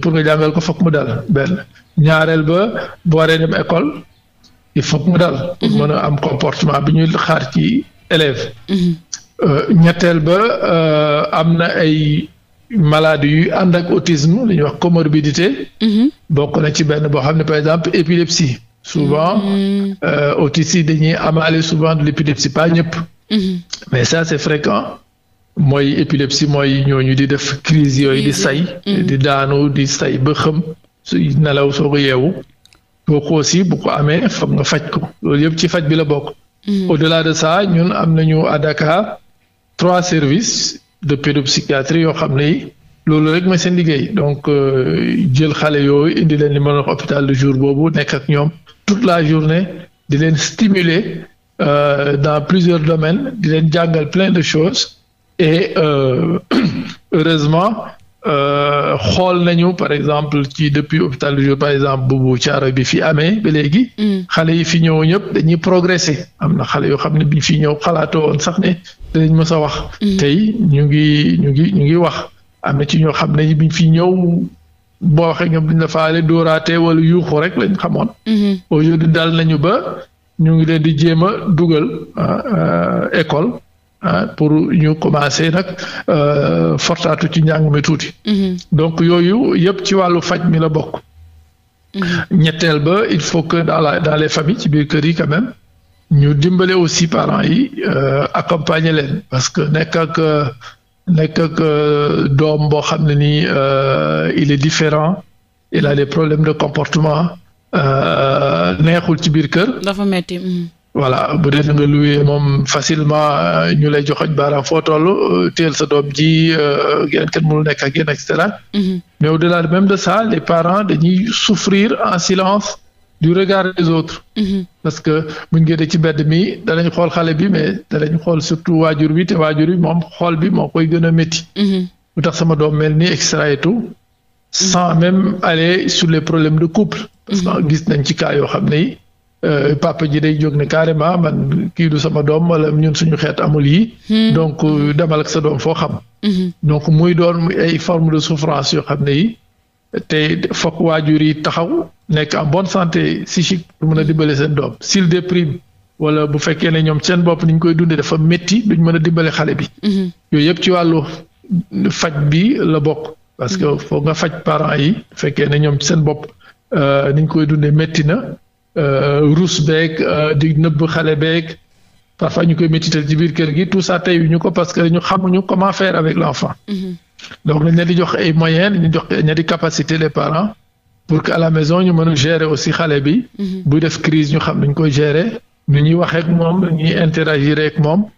ko foog mu dal benn ñaareel ba bu waree dem école il foog mu dal. pour mm-hmm. mën a am comportement bi ñu xaar ci élèves. Mm-hmm. Euh, ñetteel ba euh, am na ay maladie yuy ànd ak autisme li ñuy wax comorbidité. Mm-hmm. bokk na ci benn boo xam ne par exemple épilepsie. souvent mm-hmm. euh, autistes yi dañuy amaale souvent de l'épilepsie pas ñëpp. Mm-hmm. mais ça c'est fréquent. mooy épilepsie mooy ñoo ñu di def crise yooyu di say di daanu di say ba xëm su nelaw soog a yeewu kooku aussi bu ko amee foog nga faj ko loolu yëpp ci faj bi la bokk au delà de ça ñun am nañu à trois services de pédopsychiatrie yoo xam ne loolu rek mooy seen liggéey donc euh, jël xale yooyu indi leen li ma wax hôpital de jour boobu nekk ak ñoom toute la journée di leen stimuler euh, dans plusieurs domaines di leen jàngal plein de choses et euh, heureusement Euh, xool nañu par exemple ci depuis hôpital de jour par exemple boobu caaro bi fi amee ba léegi. Mm. xale yi fi ñëw ñëpp dañuy progresser am na xale yoo xam ne biñ fi ñëw xalaatoo woon sax ne a wax. Mm. tey ñu ngi ñu ngi ñu ngi wax am na ci ñoo xam ne biñ fi ñëw boo waxee ñoom dañ la faale dóoraatee wala yuuxu rek lañ xamoon. Mm-hmm. aujourd'hui daal nañu ba ñu ngi leen di jéem a dugal ah, euh, école. ah pour ñu commencer nag euh, fortaatu ci njàng mi tuuti. Mm-hmm. donc yooyu yëpp ci wàllu faj mi la bokk. Mm-hmm. ñetteel ba il faut que dans la dans les familles ci biir kër yi quand même ñu dimbale aussi parents yi euh, accompagner leen parce que nekk ak euh, doom boo xam ne nii il est différent il a des problème de comportement neexul ci biir kër. voilà bu dee nga loué moom facilement euh, ñu lay joxoñ baaraam foo toll euh, teel sa doom ji yeneen euh, kenn mënul nekk a yéen et mm-hmm. mais au delà même de ça les parents dañuy souffrir en silence du regard des autres. Mm-hmm. parce que buñ génnee ci mbedd mi danañ xool xale bi mais danañ xool surtout waajur wi te waajur bi moom xool bi moo koy gën a métti. Mm-hmm. lu tax sama doom mel ni et cetera et tout. sans même aller sur les problèmes de couple. parce que gis nañ ci cas yoo xam ne papa ji day jóg ne carrément man kii du sama doom wala ñun suñu xeet amul yi hmm. donc euh, demal ak sa doom foo xam hmm. donc muy doon ay forme de souffrance yoo xam ne yi te fokk waajur yi taxaw nekk en bon santé psychique pour mën a dimbale seen doom s'il déprime wala bu fekkee ne ñoom seen bopp ni koy dundee dafa métti duñ mën a dimbale xale bi hmm. yooyu yëpp ci wàllu faj bi la bokk parce que foog nga faj parents yi fekkee ne ñoom seen bopp euh, ni ñu koy dundee métti na Euh, rus beeg euh, di nëbb xale beeg parfois ñu koy métital ci biir kër gi tout ça tey ñu ko parce que ñu xamuñu comment faire avec l' enfant. Mhm. donc dañ leen di jox ay moyens dañ jox dañ di capacité les parents pour que à la maison ñu mën a gérer aussi xale bi. Mhm. buy def crise ñu xam nañ koy gérer nu ñuy waxee ak moom ñu ñuy interagir ak moom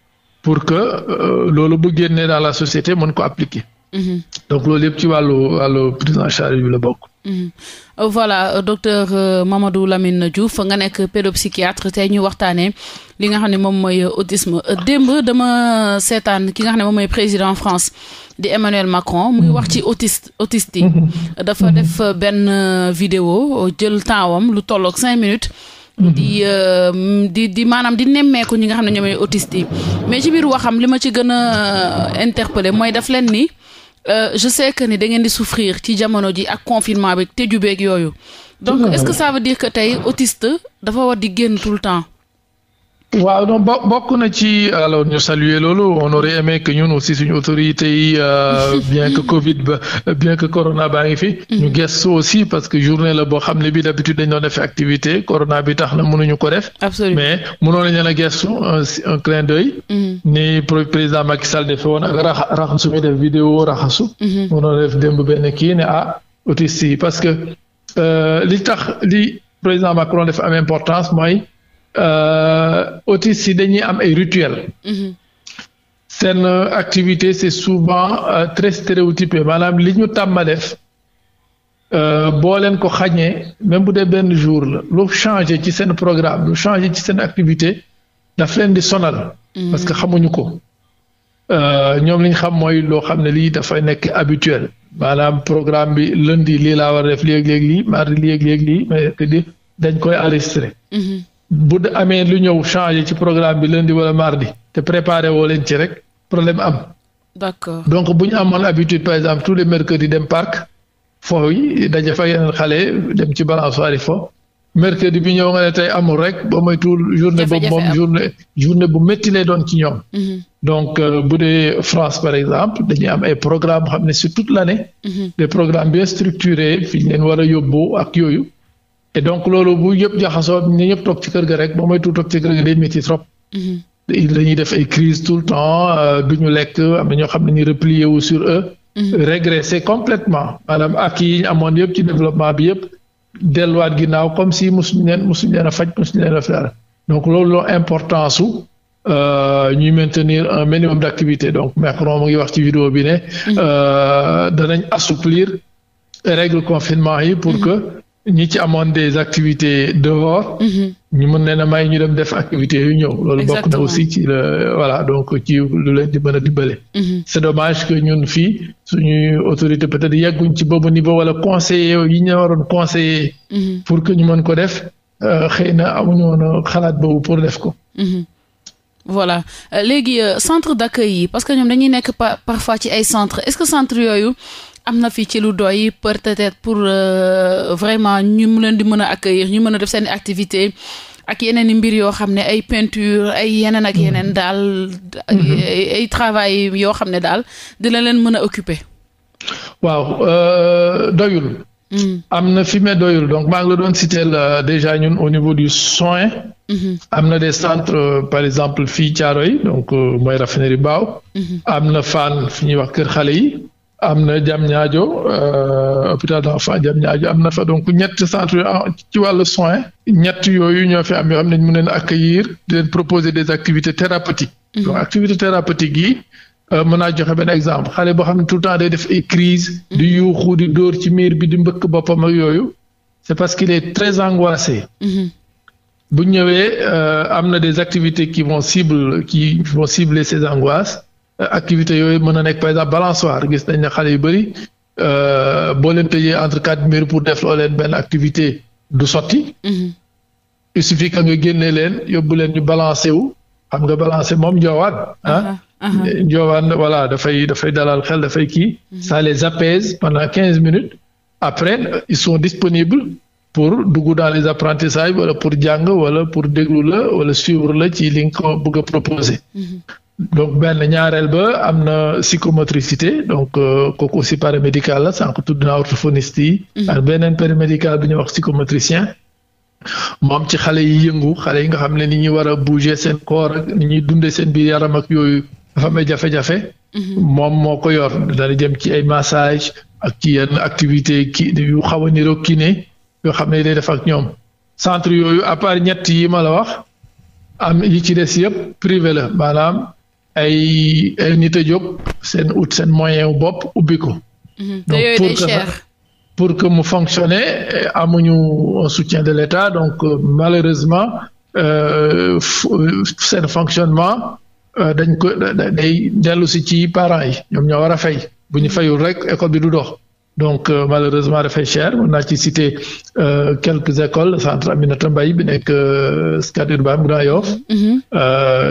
pour que euh, loolu bu génnee dans la société mën ko appliquer. Mhm. donc loolu yëpp ci wàllu wàllu prise en charge bi la bokk. voilà docteur euh, Mamadou na Diouf nga nekk pédopsychiatre tey ñu waxtaanee li nga xam ne moom mooy autisme euh, démb dama seetaan ki nga xam ne moom mooy président France di Emmanuel Macron muy wax ci autiste autiste yi dafa def benn vidéo jël tempsam lu tolloog cinq minutes euh, di di maanaam di nemmeeku ñi nga xam ne ñoom ñooy autiste yi mais ci biir waxam li ma ci gën a interpellé mooy def leen ni Euh, je sais que ni dangeen di souffrir ci jamono ji ak confinement bi te beeg yooyu. donc est-ce que ça veut dire que tey autiste dafa war di génn tout le temps. waaw non bo bokk na ci alors ñu saluer loolu on aurait aimé que ñun aussi suñu autorités yi euh, bien que Covid ba bien que corona baa ngi fi. Mm-hmm. ñu gëstu aussi parce que journée la boo xam ne bii d'habitude dañ doon def activité corona bi tax na mënuñu ko def. absolument mais mënoon nañu la gëstu un un clin d'œil. Mm-hmm. ni président Macky Sall defee woon ak rax raxasu mi def vidéo raxasu. Mm-hmm. mënoon démb benn kii ne ah autistes yi parce que euh, li tax li président Macron def am importance mooy. Euh, autistes yi dañuy am ay rituel mhm. seen euh, activité c'est souvent euh, très stéréotypé maanaam li ñu tàmm def boo ko xañee même bu dee benn jour la lu changé ci seen programme lu changé ci seen activité daf leen di sonal. Mhm. parce que xamuñu ko. ñoom liñ xam mooy loo xam ne li dafay nekk habituel maanaam programme bi lundi lii laa war a def léeg-léeg lii mardi léeg-léeg lii mais dañ koy enregistré. Mhm. bu amee lu ñëw changé ci programme bi lundi wala mardi te préparé woo leen ci rek problème am. d'accord donc bu ñu amoon habitude par exemple tous les mercredis dem parc foofu yi daje fa yeneen xale dem ci balançoire fo mercredi bi ñëw nga ne tey amul rek ba moytuwul journée boobu moom journée journée bu métti la doon ci ñoom. Mhm. donc euh, bu dee France par exemple dañuy am ay programmes xam ne sur la l'année. des mhm. programmes bien structurés fi leen war a yóbbu ak et donc loolu bu yëpp jaxasoo ni ñëpp toog ci kër ga rek ba moytu toog ci kër ga day métti trop. Mm-hmm. dañuy def ay crise tout le temps euh, du ñu lekk am na ñoo xam ne ñu replier wu sur eux. Mm-hmm. régresser complètement maanaam ak yi ñu amoon yëpp ci développement bi yëpp delluwaat ginnaaw comme si mosuñu leen mosuñu leen a faj mosuñu leen a def donc loolu loo importance su euh, ñuy maintenir un minimum d' activité donc Macron mu ngi wax ci vidéo bi ne. Mm-hmm. Euh, danañ assouplir règle confinement yi pour ñi ci amoon des activités dehors. Mhm. ñu mën leen a may ñu dem def activité yu ñëw. loolu bokk na aussi ci la voilà donc ci lu leen di mën a dimbale. Mhm. c'est dommage ñun fii suñuy autorité peut-être yegguñ ci boobu niveau wala conseiller yi ñu waroon conseiller. Mhm. pour que ñu mën ko def euh, xëy na amuñu woon xalaat boobu pour def ko. voilà euh, léegi euh, centre d'accueil yi parce que ñoom dañuy nekk parfois ci ay centre est-ce que centre yooyu. am na fii ci lu doy peut-être pour euh, vraiment ñu mu leen di mën a accueillir ñu mën a def seen activité ak yeneen i mbir yoo xam ne ay peinture ay yeneen ak mm-hmm. yeneen daal mm-hmm. ay travail yoo xam ne daal dina leen mën a occuper waaw euh, doyul mm. am na fi mais doyul donc maa ngi la doon citer euh, déjà ñun au niveau du soin mm-hmm. am na des centres par exemple fii Thiaroye donc mooy raffinerie Mbao am na Fann fi ñuy wax kër xale yi am na jam ñaajo euh, hôpital d'enfants jam ñaajo am na fa donc ñetti centre ah, ci wàllu soin ñett yooyu ñoo fi am yoo xam ne ñu mën leen accueillir di leen proposer des activités thérapeutiques mhm. donc activités thérapeutiques yi euh, mën naa joxe benn exemple xale boo xam ne tout le temps day def ay crise mhm. di yuuxu di door ci miir bi di mbëkk boppam ak yooyu c'est parce qu'il est très angoissé mhm. bu ñëwee euh, am na des activités qui vont cible qui vont cibler ces angoisses activité yooyu mën na nekk par exemple balançoire gis nañ ne xale yu bëri euh, boo leen tëjee entre quatre murs pour def loo benn activité du sotti. Mm-hmm. il suffit que nga génne leen yóbbu leen ñu balancé wu xam nga balancé moom njoowaan ah. Uh-huh, uh-huh. njoowaan voilà dafay dafay dalal xel dafay kii. Mm-hmm. ça les apaise pendant quinze minutes après ils sont disponibles. pour dugg dans les apprentissages wala pour jàng wala pour déglu la wala suivre la ci li nga ko donc benn ñaareel ba am na psychomotricité donc euh, kooku aussi médical la sànq tudd na orthophoniste yi. Mhm. ak beneen paramédical bi ñuy wax psychomotricien. moom ci xale yi yëngu xale yi nga xam ne ni ñuy war a bouger seen corps ni ñuy dundee seen biir yaram ak yooyu dafa amee jafe-jafe. Mhm. moom moo ko yor dana jëm ci ay massage ak ci yenn activité ki yu xaw a niroog kiné yoo xam ne day def ak ñoom centre yooyu à part ñett yi ma la wax am yi ci des yëpp privé la maanaam. ay ay nit a jóg seen moyen wu bopp ubbi ko. Mhm. pour que pour que mu fonctionne eh, amuñu un soutien de l'État donc euh, malheureusement euh, euh, seen fonctionnement euh, dañ ko day dellu si ci parent yi ñoom ñoo war a fay bu ñu fayul rek école bi du dox donc malheureusement dafay cher mën naa ci citer quelques écoles centre Aminata Mbaye bi nekk Scat Urbam Grand Yoff mhm.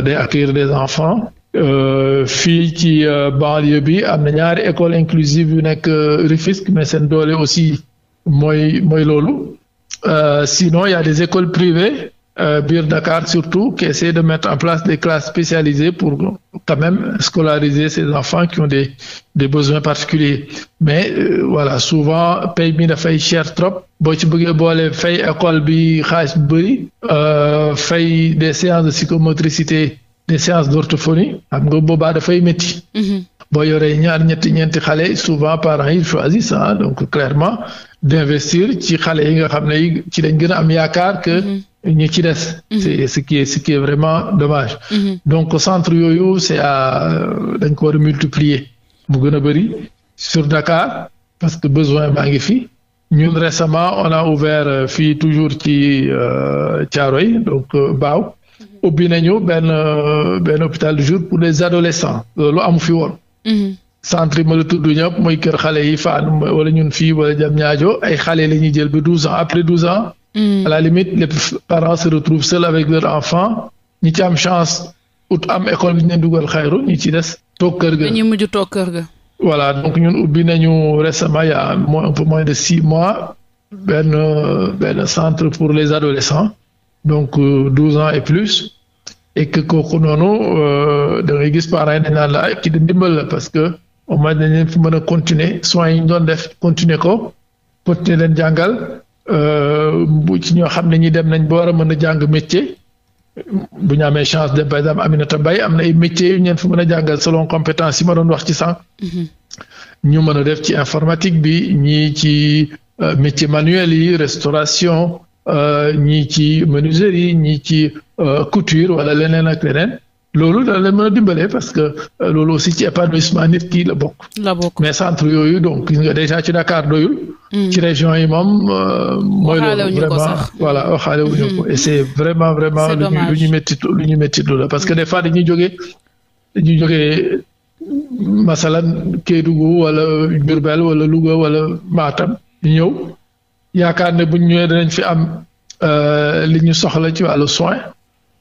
day accueillir des enfants Euh, fii ci euh, banlieue bi am na ñaari école inclusive yu nekk euh, Rufisque mais seen doole aussi mooy mooy loolu sinon y a des écoles privées biir Dakar surtout qui essaient de mettre en place des classes spécialisées pour quand même scolariser ces enfants qui ont des des besoins particuliers mais voilà souvent pay mi dafay cher trop boo ci bëggee boole fay école bi xaalis bu bëri fay des séances de psychomotricité des séances d'orthophonie xam nga boobaa dafay métti. Mhm. boo yoree ñaar ñetti ñeenti xale souvent parents yi choisissent ah donc clairement d'investir ci xale yi nga xam ne ci lañ gën a am yaakaar que. Mhm. ñi ci des. Mhm. c'est ce qui est vraiment dommage. donc centre yooyu c'est à euh, dañ ko war a multiplier mu gën a bëri sur Dakar parce que besoin maa ngi fi. ñun récemment on a ouvert euh, fii toujours ci euh, Thiaroye donc Baaw. ubbi nañu benn euh, benn hôpital de jour pour les adolescents loolu amu fi woon. Mm-hmm. centre yi ma la tudd ñëpp mooy kër xale yi faan wala ñun fii wala jam ñaajo ay xale la ñuy jël bi douze ans après douze ans. Mm-hmm. à la limite les parents se retrouvent seuls avec leur enfant ñi ci am chance ut am école bi ñu leen dugal xayru ñi ci des. toog kër ga ñu mujj toog kër ga. voilà donc ñun ubbi nañu récemment il y a un peu moins de six mois benn euh, benn centre pour les adolescents. donc euh, douze ans et plus et que kooku noonu euh, da ngay gis parents yi naan la ay ah, kii di ndimbal la parce que au moins dañ leen fi mën a continuer soins yi ñu doon def continuer ko continuer leen jàngal euh, bu ci ñoo xam ne ñi dem nañ ba war a mën a jàng métier bu ñu amee chance de par exemple Aminata bay am na ay métiers yu ñeen fu mën a jàngal solon compétence yi ma doon wax ci sànq. Mm-hmm. ñu mën a def ci informatique bi ñii ci métier manueli yi restauration. Euh, ñii ci menuiserie yi ñii ci euh, couture wala leneen ak leneen loolu dana leen mën a dimbale parce que euh, loolu aussi ci épanouissement nit ki la bokk. la bokk mais centre yooyu donc gis nga ci Dakar doyul. Hmm. ci région yi moom. mooy loolu vraiment voilà xaale wuñu ko et c'est hmm. vraiment vraiment lu ñu lu lu ñu métti la parce que hmm. des fois dañuy jógee dañuy jógee masalan Kédougou wala Diourbel wala Louga wala maatam ñëw. yaakaar ne ñu ñëwee danañ fi am euh, li ñu soxla ci wàllu soin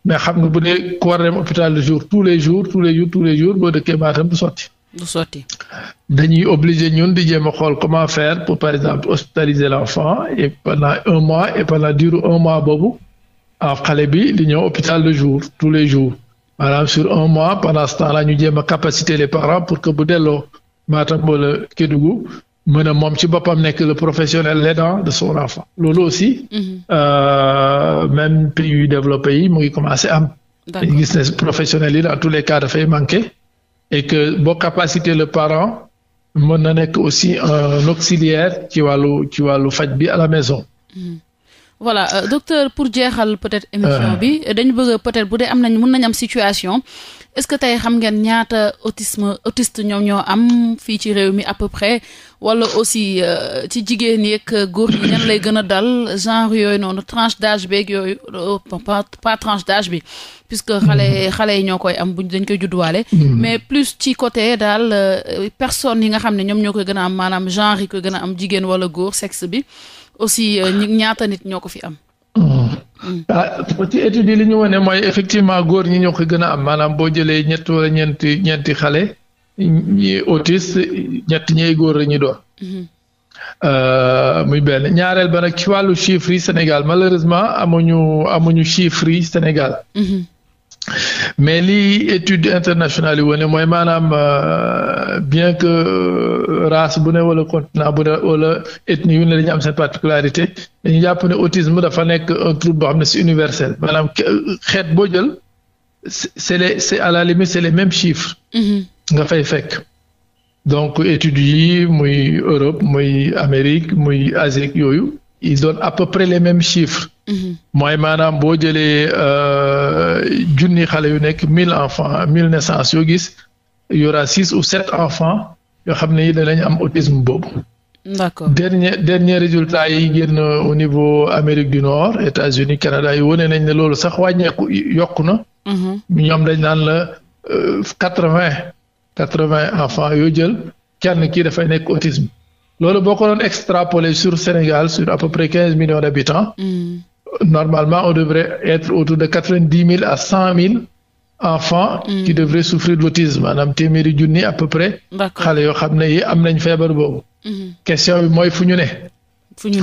mais xam nga bu dee ku war dem hôpital le jour tous les jours tous les jours tous les jours boo dëkkee Matam du sotti. du sotti. dañuy obligé ñun di jéem a xool comment faire pour par exemple hospitaliser l' enfant et pendant un mois et pendant dure un mois boobu ah xale bi di ñëw hôpital le jour tous les jours maanaam sur un mois pendant ce temps ñu jéem capacité les parents pour que bu delloo Matam wala Kédougou mën a moom ci boppam nekk le professionnel aidant de son enfant loolu aussi. Mhm. Euh, même pays yu développé yi mu ngi commencé am. dañu gis ne professionnels yi dans tous les cas dafay manqué. et que boo capacité le parent mën na nekk aussi un auxiliaire ci wàllu ci wàllu faj bi à la maison. Mhm. voilà euh, pour jeexal peut-être euh. émission bi dañu bëgg peut-être bu dee am nañ mën nañ am situation. est-ce que tey xam ngeen ñaata autisme autiste ñoom ñoo am fii ci réew mi à peu près wala aussi euh, ci jigéen ñi góor ñi lay gën a dal genre yooyu noonu tranche d'âge beeg yooyu euh, pas pas tranche d'âge bi puisque xale yi ñoo koy am buñ dañ koy judduwaale mm-hmm. mais plus ci côté daal euh, personnes yi nga xam ne ñoom ñoo koy gën a am maanaam genre yi koy gën a am jigéen wala góor sexe bi aussi ñi ñaata nit ñoo ko fi am oh. ah ci études yi li ñu wane mooy effectivement góor ñi ñoo ko gën a am maanaam boo jëlee ñett wara ñeenti ñeenti xale ñi autiste ñett ñey góor la ñu doon. Mhm. Euh, muy benn ñaareel ba nag ci wàllu chiffre yi Sénégal malheureusement amuñu amuñu chiffre yi Sénégal. Mhm. mais li étude internationale yi wane mooy maanaam euh, bien que euh, race bu ne wala continent bu ne wala ethnie yu ne dañu am seen particularité dañu jàpp ne autisme dafa nekk un trouble boo xam ne si universel maanaam xeet boo jël c'est les c'est à la limite c'est les mêmes chiffres mm-hmm. nga fay fekk donc études yi muy Europe muy Amérique muy Asie yooyu ils donnent à peu près les mêmes chiffres. Mhm. mooy maanaam boo jëlee euh, junni xale yu nekk mille enfants mille naissances yoo gis y aura six ou sept enfants yoo xam ne yi danañ am autisme boobu. d'accord dernier dernier résultat yi génn au niveau Amérique du Nord États-Unis Canada yi wane nañ ne loolu sax wàññeeku yokku na. Mhm. ñoom dañ naan la euh, quatre vingt quatre vingt enfants yoo jël kenn kii dafay nekk autisme. loolu boo ko doon extrapoler sur Sénégal sur à peu près quinze millions d'habitants mm. normalement on devrait autour de quatre-vingt-dix mille à cent mille enfants mm. qui devraient souffrir de l'autisme maanaam téeméeri junni à peu près xale yoo xam ne yi am nañ feebar boobu mm-hmm. question bi mooy fu ñu ne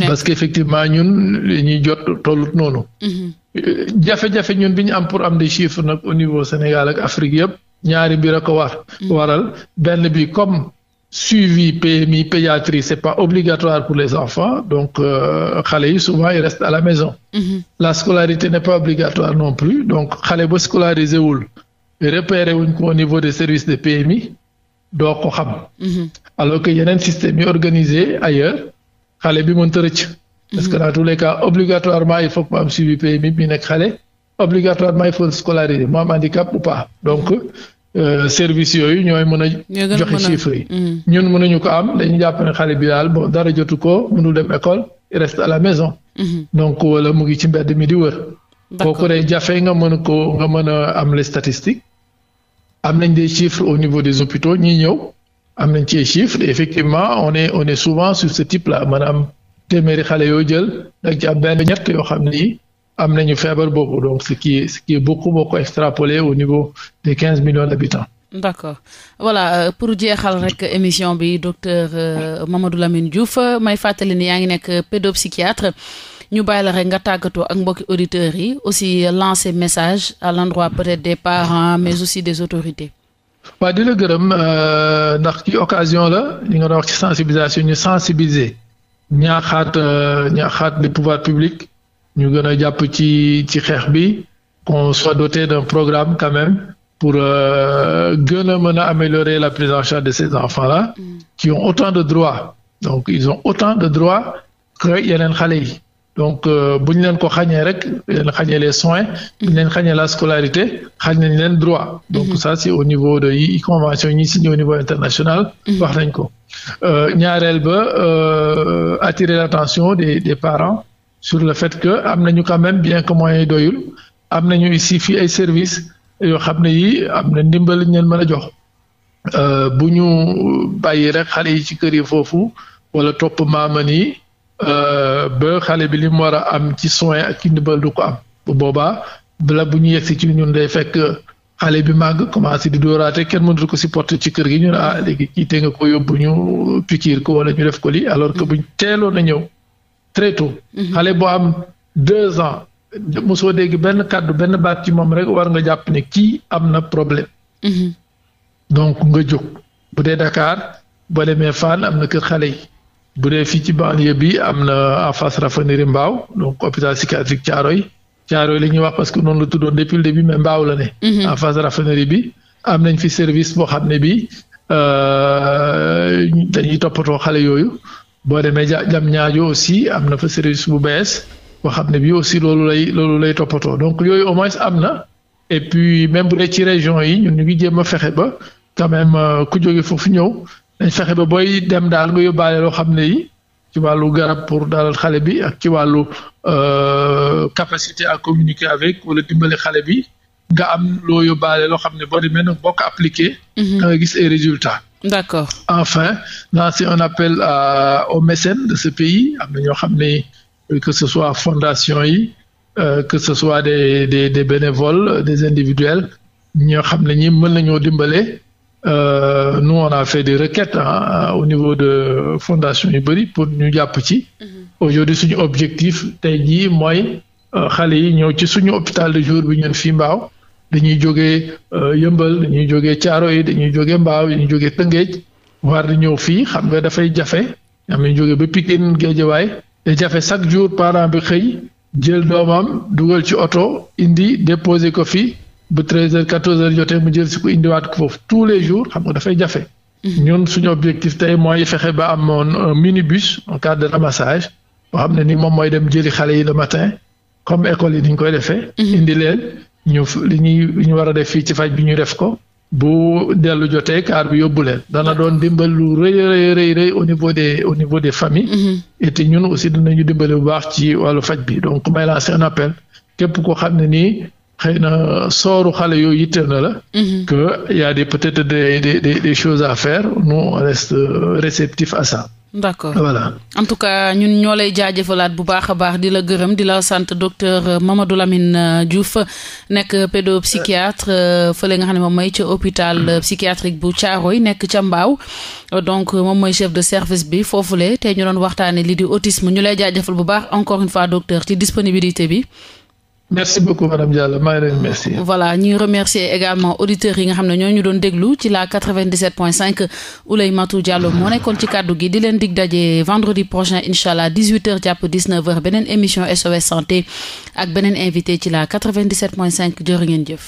parce que effectivement ñun ñuy jot tollut noonu mm-hmm. jafe-jafe ñun bi ñu am pour am des chiffres nag au niveau Sénégal ak Afrique yëpp ñaari mbir a ko war mm. waral benn bi comme suivi PMI pédiatrie c'est pas obligatoire pour les enfants donc xale euh, yi souvent ils restent à la maison. Mm la scolarité n'est pas obligatoire non plus donc xale ba scolarisé wul repéré wuñ ko niveau des services de PMI doo ko xam. Mm alors que yeneen système yi organisé ailleurs xale bi mënta rëcc. Mhm. parce que dans tous les cas obligatoirement il faut que mu am scolariser mu am handicap ou pas donc. Euh, service yooyu ñooy mën a joxe chiffres yi mm. ñun mën mënuñu ko am dañu jàpp ne xale bi daal bon dara jotu ko mënul dem école reste à la maison mm-hmm. donc wala mu ngi ci mbedd mi di wër kooku day jafe nga mën ko nga mën a am les statistiques am nañ des chiffres au niveau des hôpitaux ñi ñëw am nañ ci ay chiffres effectivement on on est souvent sur ce type mën am téeméeri xale yoo jël dag ci am benn ñett yoo xam ne am nañu feebar boobu donc ce qui ce qui est beaucoup boo ko au niveau des millions d'habitants d' accord euh, pour jeexal rek émission bi docteur euh, Mamadou Lamine Diouf may fàttali ni yaa ngi nekk pédopsychiatre ñu bàyyi la rek nga tàggatoo ak mbokki auditeurs yi aussi lancer message à l'endroit peut-être des parents mais aussi des autorités. waaw di la gërëm euh, ndax ci occasion la ñu nga doon ci sensibilisation ñu sensibiliser ñaaxaat ñaaxaat les pouvoirs publics ñu gën a jàpp ci ci xeex bi qu'on soit doté d'un programme quand même pour euh, gën a mën a améliorer la prise en charge de ces enfants-là mm. qui ont autant de droits donc ils ont autant de droits que yeneen xale yi donc euh, bu ñu leen ko xañee rek leen les soins ñu leen la scolarité xañ nañ leen droit donc mm -hmm. ça c'est au niveau de yi convention yi signé au niveau international mm-hmm. wax nañ ko euh, ñaareel ba attirer l'attention des des parents sur le fait que am nañu quand même bien que moyens yi doyul am nañu ici fii ay services yoo xam ne yi am na ndimbal ñu leen mën a jox euh, bu ñu bàyyi rek xale yi ci kër yi foofu wala topp maaman yi euh, ba xale bi li mu war a am ci soin ak ci ndimbal du ko am bu boobaa bala bu ñu yegsi ci ñun day fekk xale bi màgg commencé di dóoraate kenn mënatu ko supporter ci kër gi ñu ne ah léegi kii nga ko yóbbu ñu pikiir ko wala ñu def ko lii alors que buñ teeloon a ñëw très tôt. Mhm. xale boo am deux ans mosoo dégg benn kàddu benn baat ci moom rek war nga jàpp ne kii am na problème. Mhm. donc nga jóg bu dee Dakar boo demee Fann am na kër xale yi bu dee fii ci banlieue bi am na en face raffinerie mbaaw donc hôpital psychiatrique Thiaroye Thiaroye la ñuy wax parce que noonu la tuddoon depuis le début mais Mbao la ne. Mhm. en face raffinerie bi am nañ fi service boo xam ne bi euh, dañuy toppatoo xale yooyu. boo demee jam ñaajo aussi am na fa service bu bees boo xam ne bii aussi loolu lay loolu lay toppatoo donc yooyu au moins am na et puis même bu dee ci région yi ñu ngi jéem a fexe ba quand même euh, ku jóge foofu ñëw fexe ba booy dem daal nga yóbbaale loo xam ne yi ci wàllu garab pour dalal xale bi ak ci wàllu euh, capacité à communiquer avec wala dimbale xale bi nga am loo yóbbaale loo xam ne boo demee nag boo ko appliqué. Mhm. da nga gis ay résultats. D'accord. Enfin, lancer un appel à, aux mécènes de ce pays, am na ñoo xam ne que ce soit fondation yi euh, que ce soit des des des bénévoles des individuels ñoo xam ne ñii mën nañoo dimbale. Euh, nous on a fait des requêtes au niveau de fondation yu bëri pour ñu jàpp ci. Mm-hmm. aujourd'hui suñu objectif tey jii mooy euh, xale yi ñëw ci suñu hôpital de jour bi ñun fii Mbaaw. dañuy jógee euh, yëmbal dañuy jógee caaro yi dañuy jóge mbaaw dañuy jóge tëngéej war di ñëw fii xam nga dafay jafe am nañ jógee ba Pikine Géejawaay te jafe chaque jour parent bi xëy jël doomam dugal ci oto indi déposé ko fii bu treize heures quatorze heures jotee mu jël si ko indiwaat ko foofu tous les jours xam nga dafay jafe. Mhm. ñun suñu objectif tey mooy fexe ba am un minibus en cas de ramassage boo xam ne nii moom mooy dem jëli xale yi le matin comme école yi ni koy defee. Mhm. indi leen. ñu li ñuy ñu war a def fii ci faj bi ñu def ko bu dellu jotee kaar bi yóbbu leen dana doon dimbal lu rëy rëy rëy rëy au niveau des au niveau des familles. Mm-hmm. et te ñun aussi dinañu dimbale bu baax ci wàllu faj bi donc may lancer un appel képp ko xam ne nii xëy na sooru xale yooyu yitteel na la. Mm-hmm. que y a des peut-être des des des choses à faire nous on reste euh, réceptif à d' accord voilà en tout cas ñun ñoo lay jaajëfalaat bu baax a baax di la gërëm di la sant docteur Mamadou Lamine euh, Diouf nekk pédopsychiatre euh, fële nga xam ne moom mooy ca hôpital euh, psychiatrique bu yi nekk ca mbaaw donc moom mooy chef de service bi foofu le te ñu doon waxtaanee lii di autisme ñu lay jaajëfal bu baax encore une fois docteur ci disponibilité bi. merci beaucoup madame Diallo maa ngi leen ñuy remercier également auditeurs yi nga xam ne ñoo ñu doon déglu ci la 97.5 Ouleymatou Diallo moo nekkoon ci kaddu gi di leen dig daje vendredi prochain incha allah 18h jàpp 19h beneen émission SOS santé ak beneen invité ci la 97.5 jërë ngeen jëf.